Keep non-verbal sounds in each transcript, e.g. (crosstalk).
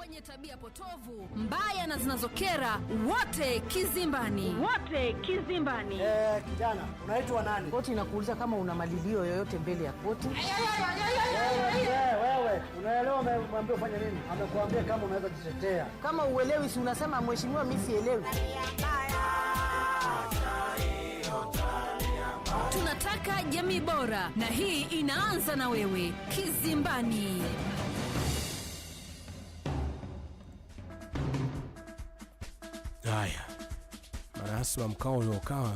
wenye tabia potovu mbaya na zinazokera wote kizimbani, wote kizimbani. Eh, kijana unaitwa nani? Koti inakuuliza kama una malilio yoyote mbele ya koti. Wewe unaelewa amekwambia ufanye nini? Amekuambia kama unaweza kujitetea. Kama uelewi, si unasema mheshimiwa, mimi sielewi. Tunataka jamii bora, na hii inaanza na wewe. Kizimbani. haswa mkao uliokaa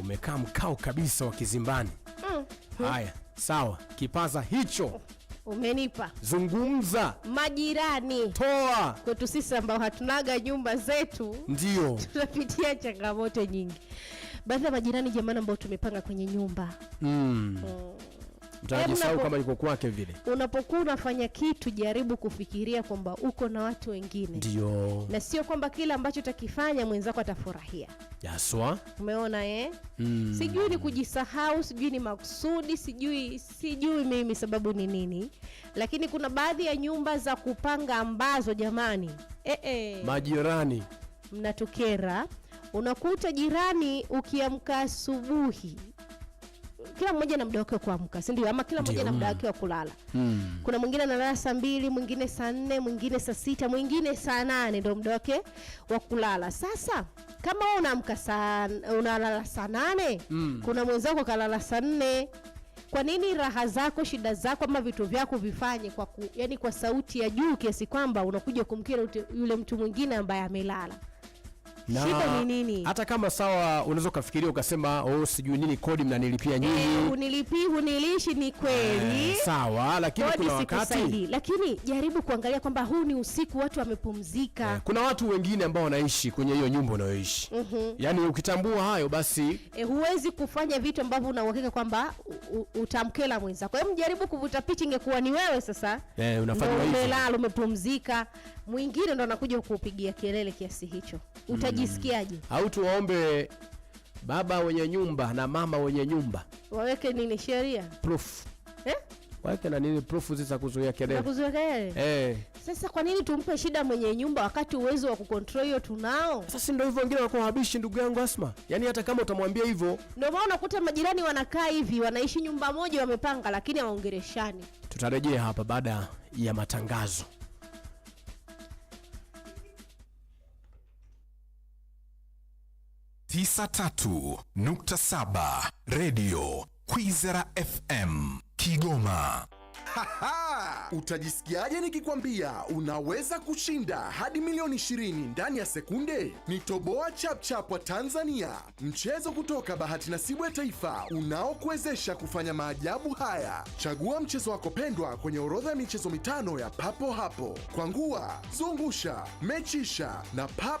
umekaa mkao kabisa wa kizimbani. Mm. Haya, sawa, kipaza hicho umenipa. Zungumza. Majirani. Toa. Kwetu sisi ambao hatunaga nyumba zetu, ndio (laughs) tunapitia changamoto nyingi, baadhi ya majirani jamani, ambao tumepanga kwenye nyumba mm. Mm mtajisahau kama yuko kwake vile. Unapokuwa unafanya kitu, jaribu kufikiria kwamba uko na watu wengine, ndio, na sio kwamba kila ambacho utakifanya mwenzako atafurahia. Yaswa, umeona eh? Mm. Sijui ni kujisahau, sijui ni maksudi sijui sijui mimi sababu ni nini, lakini kuna baadhi ya nyumba za kupanga ambazo jamani, eh -eh. Majirani mnatukera, unakuta jirani ukiamka asubuhi kila mmoja na muda wake wa kuamka, si ndio? Ama kila mmoja na muda wake wa kulala. Mm. Kuna mwingine analala saa mbili, mwingine saa nne, mwingine saa sita, mwingine saa nane ndio muda wake wa kulala. Sasa kama wewe unaamka saa unalala saa nane, mm. kuna mwenzako kalala saa nne. Kwa nini raha zako, shida zako ama vitu vyako vifanye kwa ku, yani kwa sauti ya juu kiasi kwamba unakuja kumkira yule mtu mwingine ambaye amelala? na shida ni nini? Hata kama sawa, unaweza ukafikiria ukasema, oh, sijui nini, kodi mnanilipia eh, nyinyi, unilipi unilishi, Ni kweli eh, sawa, lakini kodi kuna wakati, lakini jaribu kuangalia kwamba huu ni usiku, watu wamepumzika. Eh, kuna watu wengine ambao wanaishi kwenye hiyo nyumba unayoishi, mm yaani ukitambua hayo basi huwezi kufanya vitu ambavyo una uhakika kwamba utamkela mwenza. Kwa hiyo mjaribu kuvuta picha, ingekuwa ni wewe sasa unafanya hivyo, umelala, umepumzika, mwingine ndo anakuja kukupigia kelele kiasi hicho mm. Uta unajisikiaje? Au tuwaombe baba wenye nyumba na mama wenye nyumba waweke nini sheria proof eh? waweke na nini proof za kuzuia kelele, kuzuia kelele eh. Sasa kwa nini tumpe shida mwenye nyumba wakati uwezo wa kukontrol hiyo tunao? Sasa ndio hivyo, wengine wako habishi, ndugu yangu Asma, yaani hata kama utamwambia hivyo. Ndio maana unakuta majirani wanakaa hivi, wanaishi nyumba moja, wamepanga, lakini hawaongeleshani. Tutarejea hapa baada ya matangazo. 93.7 Radio Kwizera FM Kigoma. Utajisikiaje nikikwambia unaweza kushinda hadi milioni 20 ndani ya sekunde? Ni Toboa Chapchap wa Tanzania, mchezo kutoka bahati nasibu ya taifa unaokuwezesha kufanya maajabu haya. Chagua mchezo wako pendwa kwenye orodha ya michezo mitano ya papo hapo: kwangua, zungusha, mechisha na pap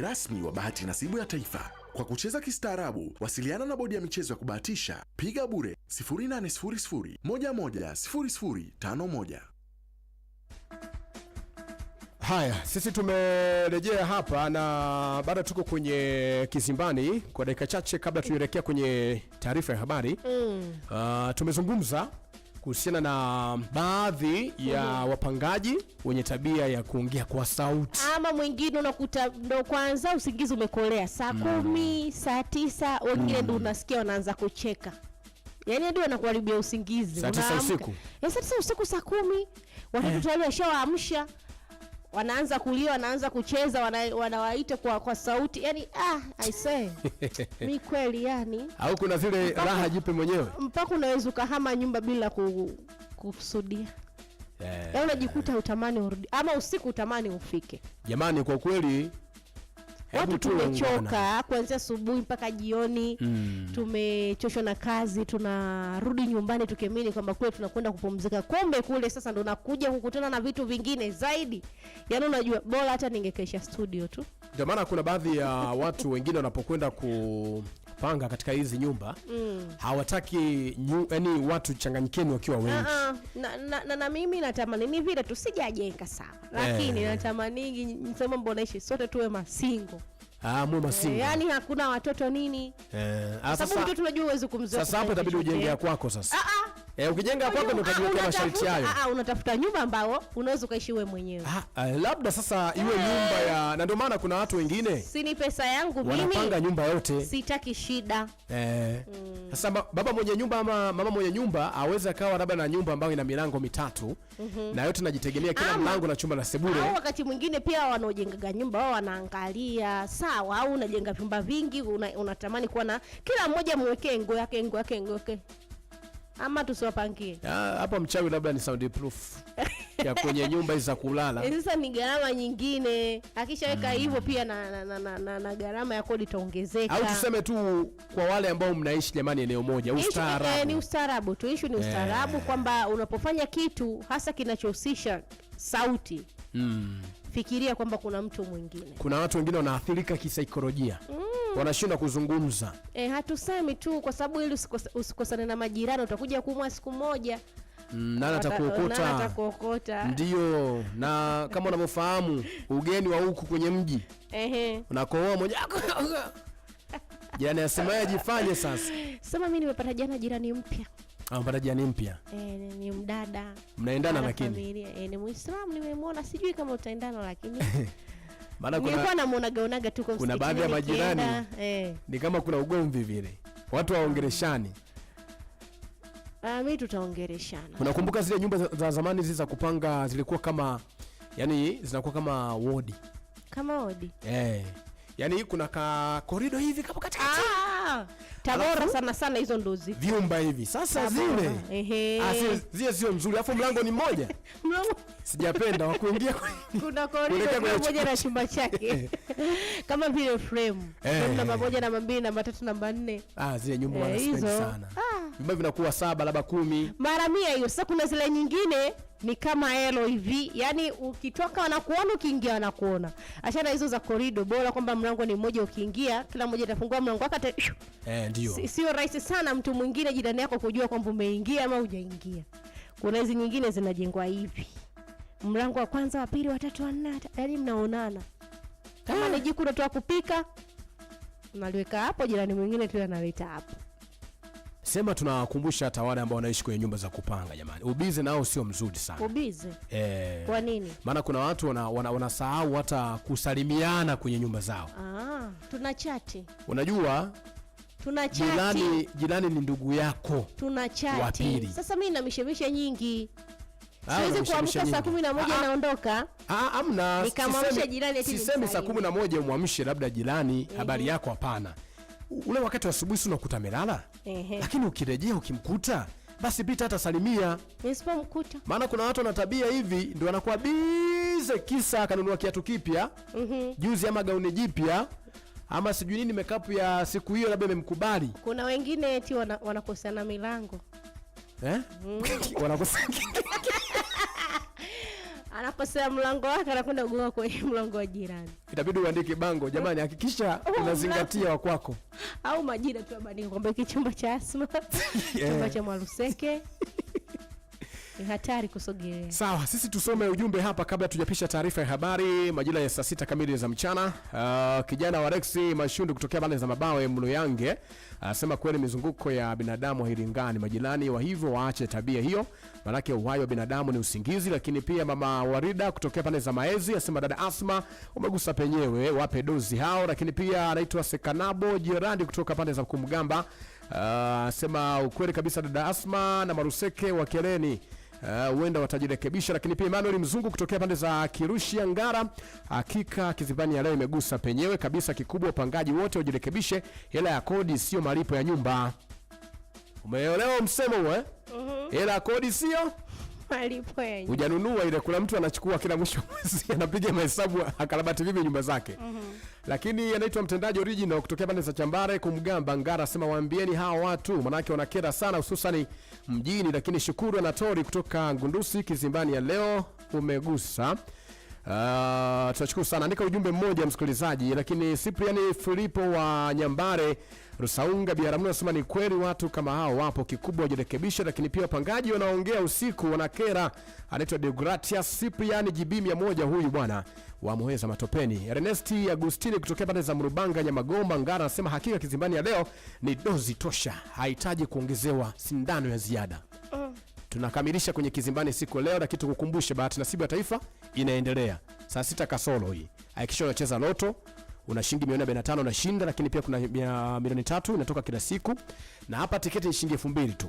rasmi wa bahati nasibu ya taifa. Kwa kucheza kistaarabu, wasiliana na bodi ya michezo ya kubahatisha, piga bure 0800 11 0051. Haya, sisi tumerejea hapa na baada, tuko kwenye kizimbani kwa dakika chache kabla tuelekea kwenye taarifa ya habari mm. Uh, tumezungumza kuhusiana na baadhi ya mm wapangaji wenye tabia ya kuongea kwa sauti, ama mwingine unakuta ndo kwanza usingizi umekolea saa mm-hmm. kumi mm. saa tisa wengine mm. Mm-hmm. ndo unasikia wanaanza kucheka yaani hadi wanakuharibia usingizi eh, saa tisa usiku saa kumi watoto tayari eh. washawaamsha wanaanza kulia, wanaanza kucheza, wanawaita kwa, kwa sauti yani, ah, I say (laughs) mi kweli yani, au kuna zile raha jipe mwenyewe mpaka unaweza ukahama nyumba bila kukusudia yeah. Yaani unajikuta utamani urudi ama usiku utamani ufike. Jamani, kwa kweli watu tumechoka kuanzia asubuhi mpaka jioni mm. Tumechoshwa na kazi, tunarudi nyumbani tukiamini kwamba kule tunakwenda kupumzika, kumbe kule sasa ndo nakuja kukutana na vitu vingine zaidi. Yaani unajua, bora hata ningekesha studio tu. Ndio maana kuna baadhi ya watu wengine wanapokwenda ku kupanga katika hizi nyumba mm. hawataki nyu, yani watu changanyikeni wakiwa wengi na, ah, ah. na, na, na, na mimi natamani ni vile tu sijajenga sana eh. lakini eh. natamani msema mbonaishi sote tuwe masingo Ah, e, hakuna watoto nini? Eh, ah, sasa, mtoto unajua uwezi kumzoea. Sasa hapo itabidi ujenge kwako sasa. Ah ah. Eh, ukijenga kwako ndio ah, utajiwekea masharti hayo. Ah, ah, unatafuta nyumba ambao unaweza ukaishi wewe mwenyewe. Ah, ah labda sasa iwe eh. nyumba ya na ndio maana kuna watu wengine. Si ni pesa yangu mimi. Wanapanga nyumba yote. Sitaki shida. Eh. Mm. Sasa baba mwenye nyumba ama mama mwenye nyumba aweze akawa labda na nyumba ambayo ina milango mitatu Mm-hmm. na yote najitegemea kila mlango na chumba na sebule. Au wakati mwingine pia wanaojenga nyumba wao wanaangalia, sawa au unajenga vyumba vingi unatamani una kuwa na kila mmoja mwekee ngo yake ngo yake ngo yake ama tusiwapangie hapa mchawi, labda ni proof (laughs) ya kwenye nyumba hizi za kulala. Sasa ni gharama nyingine, akishaweka mm. hivyo pia na, na, na, na, na, na gharama ya kodi itaongezeka. Au tuseme tu kwa wale ambao mnaishi jamani, eneo moja, ustaarabu eh, ni ustaarabu tu, ni eh. ustaarabu yeah. kwamba unapofanya kitu hasa kinachohusisha sauti mm fikiria kwamba kuna mtu mwingine. Kuna watu wengine wanaathirika kisaikolojia mm. wanashindwa kuzungumza. E, hatusemi tu kwa sababu ili usikosane na majirani, utakuja kumwa siku moja mm, nani atakuokota? Ndio, na kama unavyofahamu ugeni wa huku kwenye mji unakooa moja jirani (laughs) asemaye ajifanye sasa. Sema mimi nimepata jana jirani mpya Amepata ah, jani mpya. Eh, ni mdada. Mnaendana lakini. Familia. Eh, ni Muislamu nimemwona, sijui kama utaendana lakini (laughs) maana kuna namuona gaonaga tu kwa Kuna baadhi ya majirani. Eh. Ni kama kuna ugomvi vile. Watu waongereshani. Ah, mimi tutaongereshana. Unakumbuka zile nyumba za zamani zile za kupanga zilikuwa kama yani zinakuwa kama wodi. Kama wodi. Eh. Yaani kuna ka korido hivi kama katikati. ah Tabora sana sana hizo ndozi vyumba hivi sasa Tabora. Zile Asi, ah, zile sio nzuri, alafu mlango ni mmoja (laughs) mlango sijapenda wa kuingia kuna korido moja na chumba chake (laughs) kama vile frame eh. namba moja namba mbili namba tatu namba nne. Ah, zile nyumba wanaspend eh, sana ah, vibao vinakuwa saba labda kumi, mara mia hiyo. Sasa kuna zile nyingine ni kama elo hivi, yani ukitoka wanakuona, ukiingia wanakuona. Achana hizo za korido, bora kwamba mlango ni mmoja, ukiingia kila mmoja atafungua mlango wake eh, ndio si, sio rahisi sana mtu mwingine jirani yako kujua kwamba umeingia ama hujaingia. Kuna hizi nyingine zinajengwa hivi, mlango wa kwanza, wa pili, wa tatu, wa nne, yani mnaonana kama ah, ni jiko unatoa kupika, naliweka hapo, jirani mwingine tu analeta hapo Sema tunawakumbusha hata wale ambao wanaishi kwenye nyumba za kupanga jamani. Ubizi nao sio mzuri sana. Ubizi? e, eh. Kwa nini? Maana kuna watu wanasahau wana, wana hata kusalimiana kwenye nyumba zao. Ah, Unajua? Tuna Jirani, jirani ni ndugu yako. tunachati chati. Sasa mimi na mishemisha nyingi. Ah, Siwezi kuamka saa kumi na ah, moja ah. naondoka. Ah, amna. Nikamwamsha jirani eti. Sisemi saa kumi na moja umwamshe labda jirani, eh. habari yako hapana ule wakati wa asubuhi si unakuta amelala, lakini ukirejea ukimkuta basi pita hata salimia. Nisipomkuta. Maana kuna watu wana tabia hivi ndio wanakuwa bize kisa akanunua kiatu kipya, mm -hmm. Juzi ama gauni jipya ama sijui nini makeup ya siku hiyo labda imemkubali. Kuna wengine eti wanakosana wana milango. Eh? Mm. (laughs) wanakosana anaposea mlango wake anakwenda kugonga kwenye mlango wa jirani. Itabidi uandike bango, jamani, oh, hakikisha oh, unazingatia wa kwako, au majina tu abandike kwamba hiki chumba cha Asma, (laughs) chumba cha mwaluseke (laughs) ni hatari kusogelea. Sawa, sisi tusome ujumbe hapa kabla tujapisha taarifa ya habari majira ya saa sita kamili za mchana. Uh, kijana wa Rex Mashundu kutokea pale za Mabawe Mluyange anasema uh, kweli mizunguko ya binadamu hailingani, majirani wa hivyo waache tabia hiyo, maanake uhai wa binadamu ni usingizi. Lakini pia mama Warida kutokea pale za Maezi anasema dada Asma, umegusa penyewe, wape dozi hao. Lakini pia anaitwa Sekanabo Jerandi kutoka pande za Kumgamba anasema uh, ukweli kabisa dada Asma na Maruseke wa Eh, huenda uh, watajirekebisha. Lakini pia Emmanuel Mzungu kutokea pande za Kirushi Ngara, hakika Kizibani ya leo imegusa penyewe kabisa. Kikubwa upangaji wote wajirekebishe, hela ya kodi sio malipo ya nyumba. Umeelewa msemo huo eh? Uh-huh. Hela ya kodi sio malipo yenyewe. Hujanunua ile, kuna mtu anachukua kila mwisho mwezi (laughs) anapiga mahesabu akarabati vipi nyumba zake. Mm -hmm. Lakini anaitwa mtendaji original kutokea pande za Chambare kumgamba Ngara sema waambieni hawa watu manake wanakera sana hususani mjini. Lakini Shukuru Anatori kutoka Ngundusi Kizimbani ya leo umegusa Uh, tunashukuru sana, andika ujumbe mmoja msikilizaji. Lakini Cyprian Filipo wa Nyambare Rusaunga Biharamulo anasema ni kweli watu kama hao wapo, kikubwa wajirekebisha, lakini pia wapangaji wanaongea usiku wanakera. Anaitwa Deogratias Cyprian gb 100 huyu bwana wa Muheza Matopeni. Ernesti Agustini kutokea pande za Mrubanga Nyamagomba Ngara anasema hakika kizimbani ya leo ni dozi tosha, hahitaji kuongezewa sindano ya ziada tunakamilisha kwenye Kizimbani siku leo, lakini tukukumbushe kukumbushe, bahati nasibu ya taifa inaendelea saa sita kasoro hii. Hakikisha unacheza loto, una shilingi milioni 45 unashinda, lakini pia kuna milioni tatu inatoka kila siku, na hapa tiketi ni shilingi 2000 tu.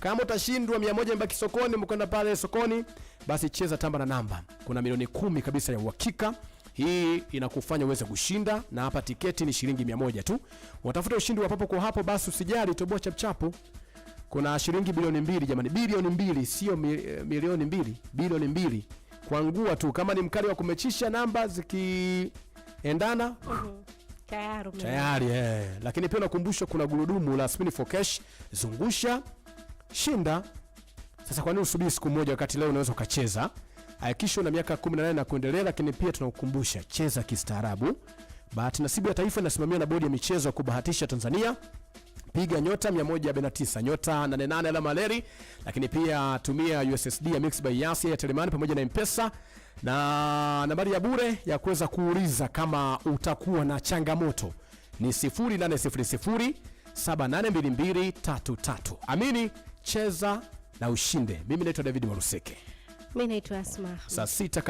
Kama utashindwa 100 mbaki sokoni, mkwenda pale sokoni, basi cheza tamba na namba. Kuna milioni kumi kabisa ya uhakika hii inakufanya uweze kushinda, na hapa tiketi ni shilingi 100 tu. Watafuta ushindi wa papo kwa hapo, basi usijali, toboa chapchapo kuna shilingi bilioni mbili jamani, bilioni mbili sio eh, milioni mbili, bilioni mbili kuangua tu. Kama ni mkali wa kumechisha namba zikiendana uh -huh. Tayari, tayari eh. Lakini pia nakumbusha kuna gurudumu la spin for cash, zungusha shinda. Sasa kwa nini usubiri siku moja wakati leo unaweza ukacheza? Hakikisha na miaka 18 na kuendelea, lakini pia tunakukumbusha cheza kistaarabu. Bahati nasibu ya taifa inasimamiwa na bodi ya michezo ya kubahatisha Tanzania piga nyota 149 nyota 88 la maleri, lakini pia tumia USSD ya Mix by Yasi ya Telemani pamoja na mpesa na nambari ya bure ya kuweza kuuliza kama utakuwa na changamoto ni 0800782233. Amini, cheza na ushinde. Mimi naitwa David Maruseke. Mimi naitwa Asma. Saa sita